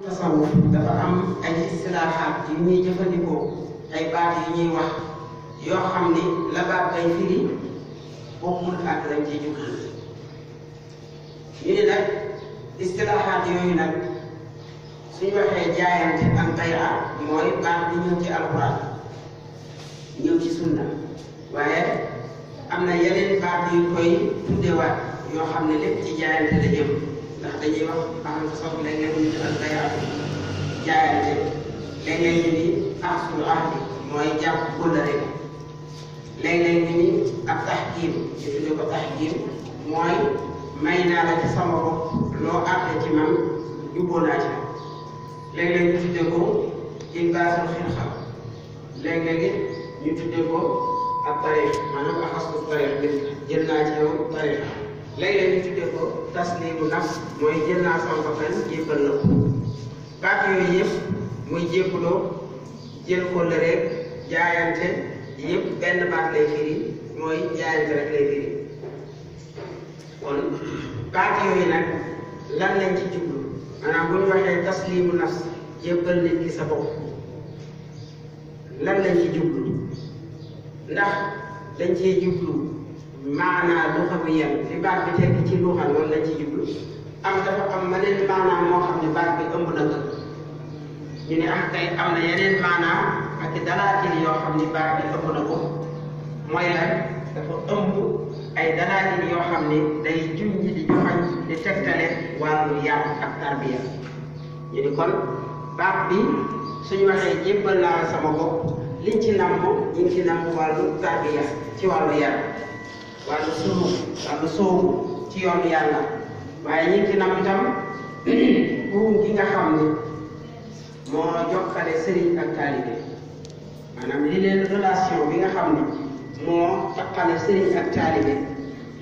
tasawuf dafa am ay istilaaxaat yu ñuy jëfandikoo ay baat yu ñuy wax yoo xam ni la baat day firi bokkul ak lañ ci jublu ñu nag istilaaxaat yooyu nag suñu waxee jaayante ak mooy baat bi ñëw ci alquran ñëw ci sunna waaye am na yeneen baat yu koy tuddewaat yoo xam ne lépp ci jaayante la jëm ndax dañuy wax ahlu tasawuf léeg-léeg ñu tuddal bayaat jaayante léeg-léeg ñu ni ahsul ahdi mooy jàpp kóllëre léeg-léeg ñu ni ab taxkiim ñu tuddee ko taxkiim mooy may la ci sama loo àtte ci man jubboo naa ci léeg-léeg ñu tuddee ko imbaasul xirxal léeg-léeg ñu tuddee ko ab tariix maanaam axasul tariix jël naa ci yow tariix léeg-léeg ñu tuddee ko tasliimu nafs mooy jël naa sama bakkan jébbal na ko baat yooyu yëpp muy jébbaloo jël ko rek jaayante yëpp benn baat lay firi mooy jaayante rek lay firi kon baat yooyu nag lan lañ ci jublu maanaam bu ñu waxee tasliimu nafs jébbal nit ki sa bopp lan lañ ci jublu ndax dañ cee jublu. maanaa lu xamu yem fi baat bi tekk ci luuxa loolu lañ ci jublu am dafa am meneen maanaa moo xam ne baat bi ëmb na ko ñu ne am ah kay am na yeneen maanaa ak dalaatil yoo xam ni baat bi ëmb na yoo xam ni day junj di joxañ di tegtale wàllu yar ak tarbiya ñu ni kon baat bi suñu waxee jébbal naa sama bopp liñ ci namm ñu ci namm wàllu tarbiya ci wàllu yar wàllu suluuk wàllu soobu ci yoonu yàlla waaye ñu ngi gi nga xam ne moo jokkale sëriñ ak taalibe maanaam li leen relation bi nga xam ne moo jokkale sëriñ ak taalibe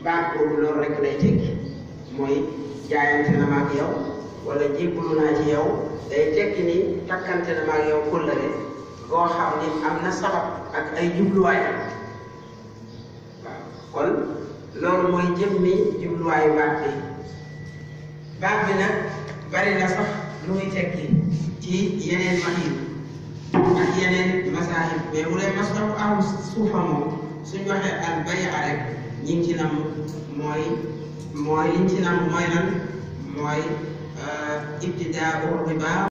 baax boobu loolu rek lay tekki mooy jaayante na maag yow wala jébbalu naa ci yow day tekki ni takkante na maag yow kóllëre goo xam ni am na sabab ak ay jubluwaay kon loolu mooy jëm ni jubluwaayu baat bi baat bi nag bari na sax lu muy tekki ci yeneen mahim ak yeneen masaahib mais bu dee masdaru aw suufa moom suñ waxee al baya rek ñi ngi ci nam mooy mooy liñ ci nam mooy lan mooy ibtidaa riba